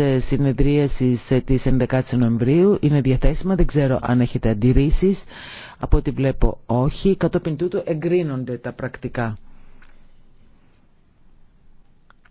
Ε, συνεδρίαση ε, τη 11 η Νοεμβρίου είναι διαθέσιμα. Δεν ξέρω αν έχετε αντιρρήσεις. Από ό,τι βλέπω όχι. Κατόπιν τούτου εγκρίνονται τα πρακτικά.